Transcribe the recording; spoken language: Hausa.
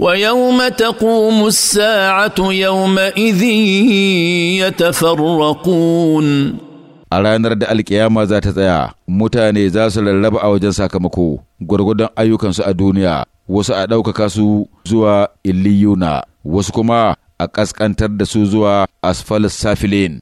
ويوم تقوم الساعة يومئذ يتفرقون a ranar da alkiyama za ta tsaya mutane za su rarraba a wajen sakamako gwargwadon ayyukansu a duniya wasu a ɗaukaka su zuwa illiyuna wasu kuma a ƙasƙantar da su zuwa asfal safilin